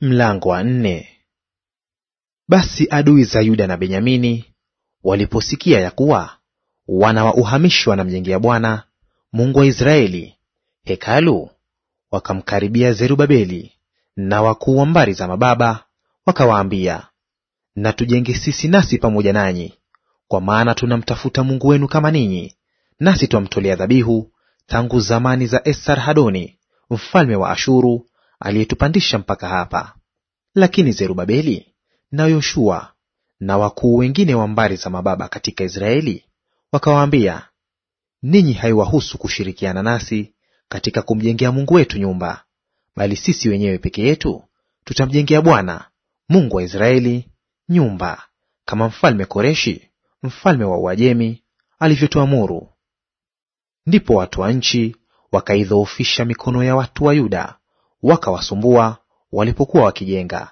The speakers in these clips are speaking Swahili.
Mlango wa nne. Basi adui za Yuda na Benyamini waliposikia ya kuwa wana wa uhamishi wanamjengea Bwana Mungu wa Israeli hekalu, wakamkaribia Zerubabeli na wakuu wa mbari za mababa, wakawaambia, na tujenge sisi nasi pamoja nanyi, kwa maana tunamtafuta Mungu wenu kama ninyi, nasi twamtolea dhabihu tangu zamani za Esarhadoni mfalme wa Ashuru aliyetupandisha mpaka hapa. Lakini Zerubabeli na Yoshua na wakuu wengine wa mbari za mababa katika Israeli wakawaambia, ninyi haiwahusu kushirikiana nasi katika kumjengea Mungu wetu nyumba, bali sisi wenyewe peke yetu tutamjengea Bwana Mungu wa Israeli nyumba, kama mfalme Koreshi mfalme wa Uajemi alivyotuamuru. Ndipo watu wa nchi wakaidhoofisha mikono ya watu wa Yuda wakawasumbua walipokuwa wakijenga,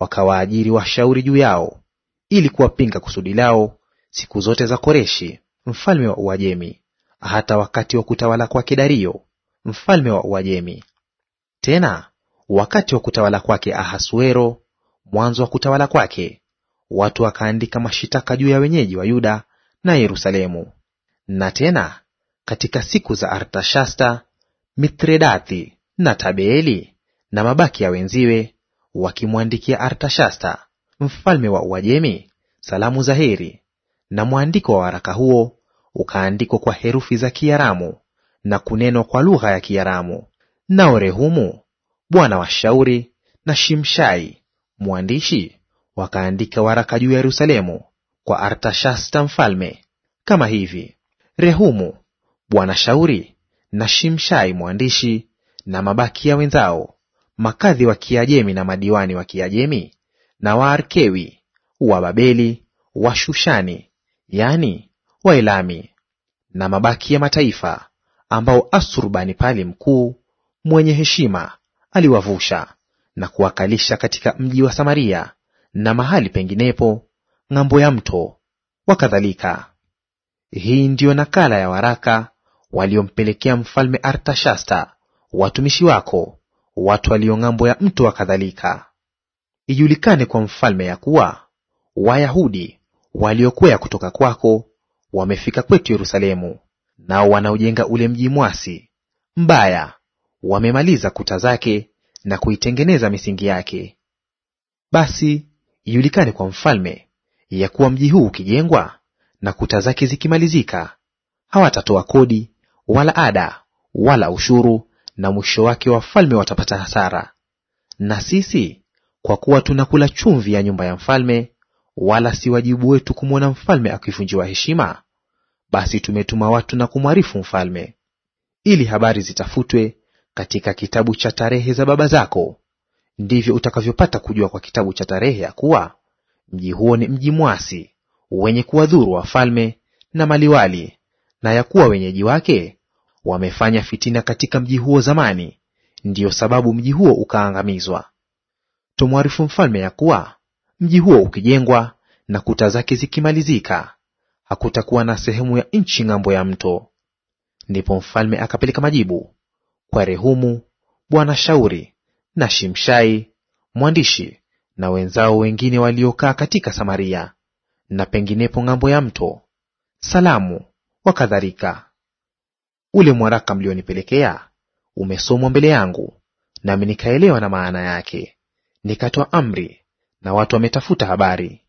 wakawaajiri washauri juu yao ili kuwapinga kusudi lao siku zote za Koreshi mfalme wa Uajemi, hata wakati wa kutawala kwake Dario mfalme wa Uajemi. Tena wakati wa kutawala kwake Ahasuero, mwanzo wa kutawala kwake, watu wakaandika mashitaka juu ya wenyeji wa Yuda na Yerusalemu. Na tena katika siku za Artashasta, Mithredathi na Tabeeli na mabaki ya wenziwe wakimwandikia Artashasta mfalme wa Uajemi salamu za heri. Na mwandiko wa waraka huo ukaandikwa kwa herufi za Kiaramu na kunenwa kwa lugha ya Kiaramu. Nao Rehumu bwana wa shauri na Shimshai mwandishi wakaandika waraka juu ya Yerusalemu kwa Artashasta mfalme, kama hivi: Rehumu bwana shauri na Shimshai mwandishi na mabaki ya wenzao makadhi wa Kiajemi na madiwani wa Kiajemi na Waarkewi wa Babeli wa Shushani, yani Waelami, na mabaki ya mataifa ambao pali mkuu mwenye heshima aliwavusha na kuwakalisha katika mji wa Samaria na mahali penginepo ng'ambo ya mto, wakadhalika. Hii ndiyo nakala ya waraka waliompelekea mfalme Artashasta watumishi wako watu walio ng'ambo ya mto wa kadhalika. Ijulikane kwa mfalme ya kuwa Wayahudi waliokwea kutoka kwako wamefika kwetu Yerusalemu, nao wanaojenga ule mji mwasi mbaya wamemaliza kuta zake na kuitengeneza misingi yake. Basi ijulikane kwa mfalme ya kuwa mji huu ukijengwa na kuta zake zikimalizika, hawatatoa kodi wala ada wala ushuru na mwisho wake wafalme watapata hasara. Na sisi kwa kuwa tunakula chumvi ya nyumba ya mfalme, wala si wajibu wetu kumwona mfalme akivunjiwa heshima, basi tumetuma watu na kumwarifu mfalme, ili habari zitafutwe katika kitabu cha tarehe za baba zako; ndivyo utakavyopata kujua kwa kitabu cha tarehe ya kuwa mji huo ni mji mwasi wenye kuwadhuru wafalme na maliwali, na ya kuwa wenyeji wake wamefanya fitina katika mji huo zamani, ndiyo sababu mji huo ukaangamizwa. Tumwarifu mfalme ya kuwa mji huo ukijengwa na kuta zake zikimalizika, hakutakuwa na sehemu ya nchi ng'ambo ya mto. Ndipo mfalme akapeleka majibu kwa Rehumu bwana shauri na Shimshai mwandishi na wenzao wengine waliokaa katika Samaria na penginepo ng'ambo ya mto, salamu wakadhalika. Ule mwaraka mlionipelekea umesomwa mbele yangu, nami nikaelewa na maana yake, nikatoa amri na watu wametafuta habari.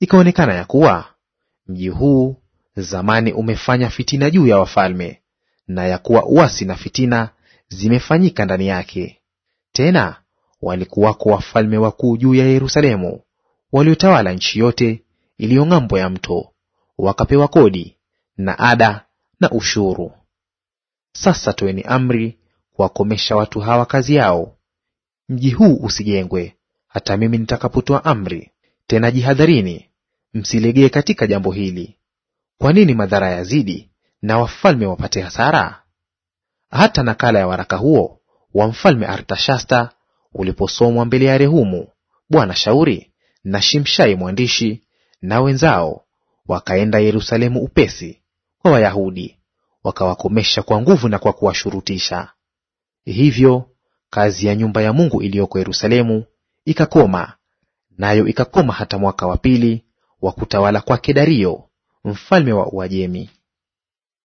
Ikaonekana ya kuwa mji huu zamani umefanya fitina juu ya wafalme, na ya kuwa uasi na fitina zimefanyika ndani yake. Tena walikuwako wafalme wakuu juu ya Yerusalemu, waliotawala nchi yote iliyo ng'ambo ya mto, wakapewa kodi na ada na ushuru. Sasa toeni amri kuwakomesha watu hawa kazi yao, mji huu usijengwe hata mimi nitakapotoa amri. Tena jihadharini, msilegee katika jambo hili. Kwa nini madhara yazidi na wafalme wapate hasara? Hata nakala ya waraka huo wa mfalme Artashasta uliposomwa mbele ya Rehumu bwana shauri na Shimshai mwandishi na wenzao, wakaenda Yerusalemu upesi kwa Wayahudi wakawakomesha kwa nguvu na kwa kuwashurutisha. Hivyo kazi ya nyumba ya Mungu iliyoko Yerusalemu ikakoma, nayo ikakoma hata mwaka wa pili wa kutawala kwake Dario mfalme wa Uajemi.